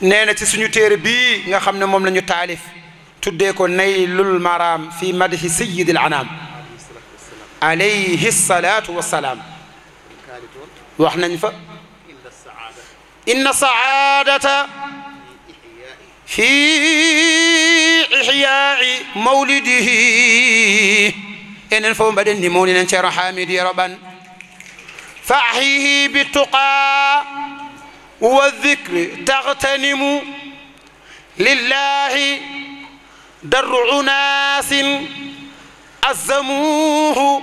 neena ci suñu téré bi nga xamne mom lañu talif tuddé ko naylul maram fi madhi sayyidil anam alayhi salatu wassalam wax nañ fa inna saadata fi ihya'i mawlidihi enen fo mbaden ni mo ni nen ci hamidi yeroɓan fa ahihi bittuqa والذكر تغتنم لله درع ناس أزموه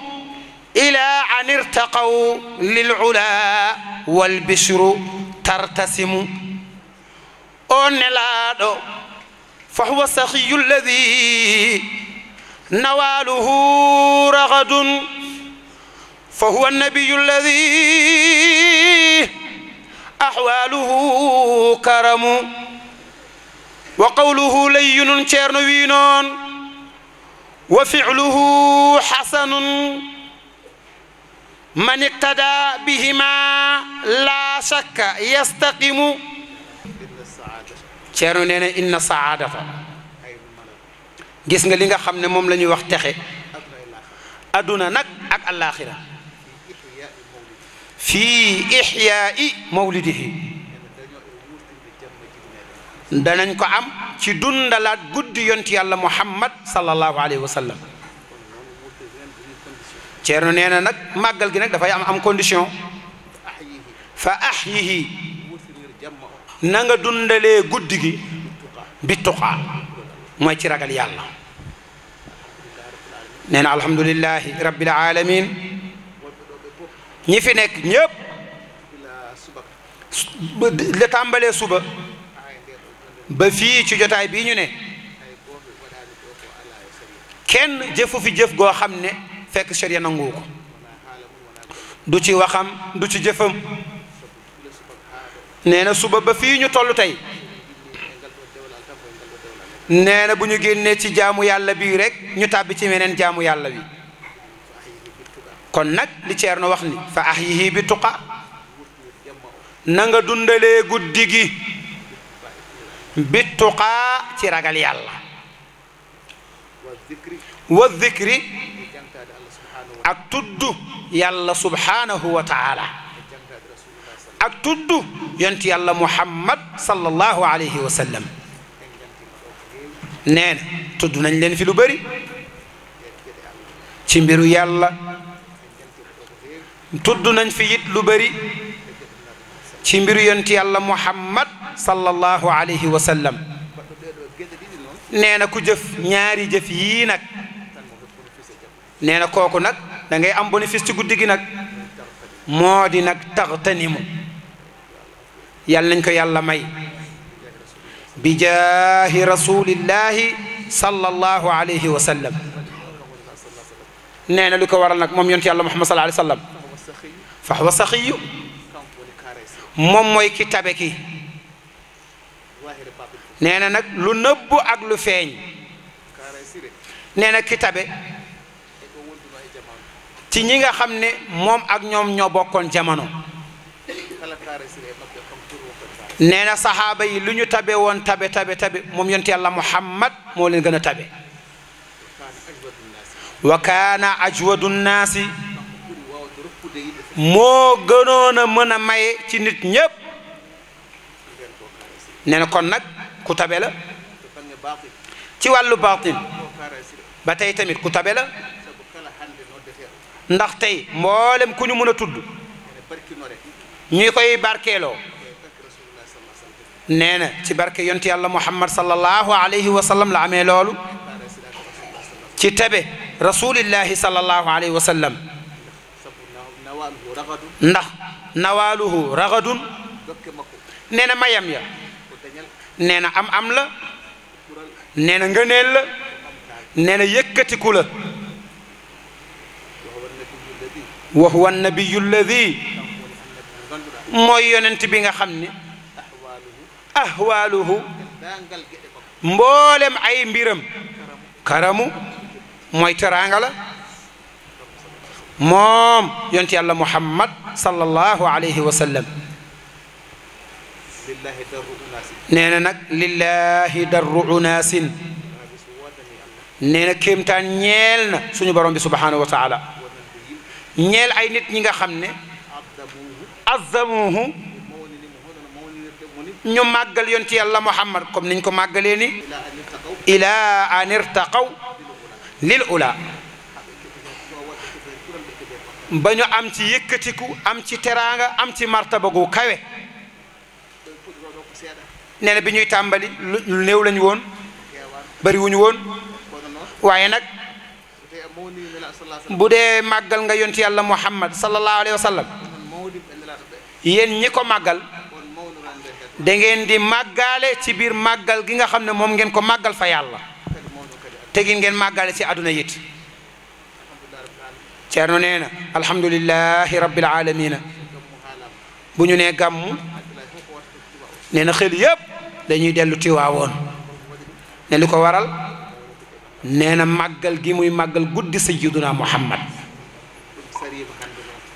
إلى أن ارتقوا للعلا والبشر ترتسم أونلادو فهو السخي الذي نواله رغد فهو النبي الذي أحواله كرم وقوله لين شرنوين وفعله حسن من اقتدى بهما لا شك يستقيم شرن إن السعادة جسنا لينا خم نموم لن يوقتخه أدونا نك أك الآخرة في إحياء مولده دانانكو أم في دندلات قد ينتي الله محمد صلى الله عليه وسلم تيرو نينا نك ماغال جي نك دا فاي ام ام فاحيه نغا دوندالي غودي جي بتقى موي تي نينا الحمد لله رب العالمين ñi fi nek ñëpp le tambalé suba ba fi ci jotaay bi ñu ne kenn jëfu fi jëf go xamné fekk sharia nangu du ci waxam du ci jëfam neena suba ba fi ñu tollu tay neena buñu génné ci jaamu yàlla bi rek ñu tàbbi ci menen jaamu yàlla bi kon nag li na wax ni fa ahyihi bi tuqa na nga dundalee guddi gi ci ragal yàlla wa zikri ak tudd yàlla subhaanahu wa taala ak tudd yont yàlla muhammad sallallahu alayhi wa sallam nee na tudd leen fi lu bëri ci mbiru yàlla tudd nañ fi it lu bari ci mbiru yonti yàlla muhammad sallallahu alayhi wa sallam nee na ku jëf ñaari jëf yii nag nee na kooku nag da ngay am bénéfice ci guddi gi nag moo di nag taxtanimu yàlla nañ ko yàlla may bi jaahi rasulillahi sallallahu alayhi wa sallam nee na lu ko waral nag moom yonti yàlla muhammad sallallahu alayhi wa sallam fa huwa saxiyu moom mooy ki tabe ki nee na nag lu nëbb ak lu feeñ nee na ki tabe ci ñi nga xam ne moom ak ñoom ñoo bokkoon jamono nee na saxaaba yi lu ñu tabe woon tabe tabe tabe moom yonent yàlla muhammad moo leen gën a tabe wa kaana ajwadu nnaasi moo gënoon a mën a maye ci nit ñépp nee na kon nag ku tabe la ci wàllu baatin ba tey tamit ku tabe la ndax tey mboolem ku ñu mën a tudd ñi koy barkeeloo nee na ci barke yont yàlla muhammad sallallahu alayhi wa sallam la amee loolu ci tabe rasulillahi sallallahu alayhi wa sallam ndax nawaaluhu raxadun nee na mayam ya nee na am am la nee na ngëneel la nee na yëkkatiku la wa huwa nabiyu lladi mooy yonent bi nga xam ne ahwaaluhu mboolem ay mbiram karamu mooy teraanga la moom yonent yàlla muhammad sallallahu alayhi wa sallam nee na nag lillahi darru unaasin nee na kéemtaan ñeel suñu borom bi subhanahu wa taala ay nit ñi nga xam ne azzamuhu ñu màggal yonent yàlla muhammad comme niñ ko màggalee ni ila an irtaqaw lil ula bañu am ci yëkkatiku am ci teraanga am ci martaba gu kawe nee bi ñuy tàmbali lu néew lañu woon bariwuñu wuñu woon waaye nag bu dee màggal nga yonti yàlla muhammad sallallahu alayhi wa sallam yéen ñi ko màggal da ngeen di màggaale ci biir màggal gi nga xam ne moom ngeen ko màggal fa yàlla te ngeen màggaale ci àdduna yit Ceerno nee na alhamdulilahi rabbil alamina bu ñu nee gàmm nee na xel yëpp dañuy dellu Tiwaawoon ne li ko waral nee na màggal gi muy màggal guddi sayyiduna Muhammad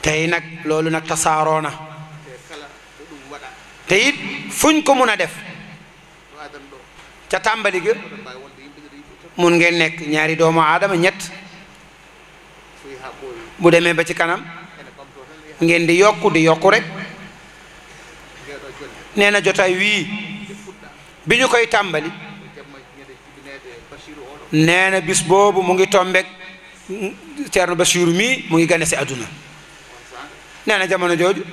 tey nag loolu nag tasaaroo na te it fuñ ko mun a def ca tàmbali ga mun ngeen nekk ñaari doomu aadama ñett bu demee ba ci kanam ngeen di yokku di yokku rek nee na jotaay wii bi ñu koy tàmbali nee na bis boobu mu ngi tombek Ceerno Bachir mii mu ngi gane si àdduna nee na jamono jooju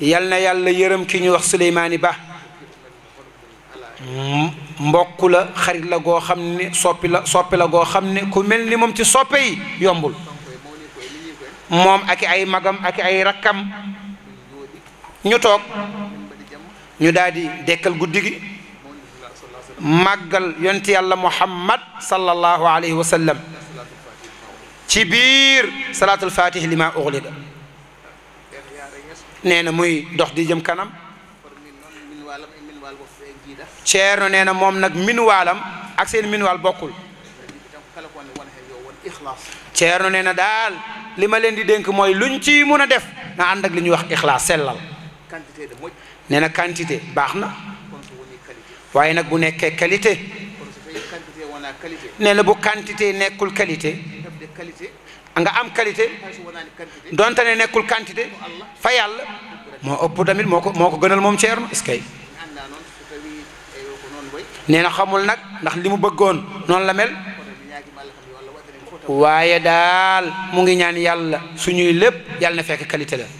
yal na yàlla yërëm ki ñu wax Souleymani Ba mbokk la xarit la goo xam ne soppi la goo xam ne ku mel ni moom ci soppe yombul moom ak ay magam ak ay rakkam ñu toog ñu daal dekkal guddi gi màggal yonti yàlla muhammad sallallahu alayhi wa sallam ci biir salaatul fatih li ma uxliga nee na muy dox di jëm kanam ceerno nee na moom nag minuwaalam ak seen minuwaal bokkul ceerno nee na daal li ma leen di dénk mooy luñ ci mun a def na ànd ak li ñuy wax ixlaas sellal nee na quantité baax na waaye nag bu nekkee qualité nee na bu quantité nekkul qualité nga am qualité donte ne nekkul quantité fa yàlla moo ëpp tamit moo ko moo ko gënal moom ceerno est-ce nee na xamul nag ndax li mu bëggoon noonu la waaye daal mu ngi ñaan yàlla suñuy lépp yàlla na fekk qualité la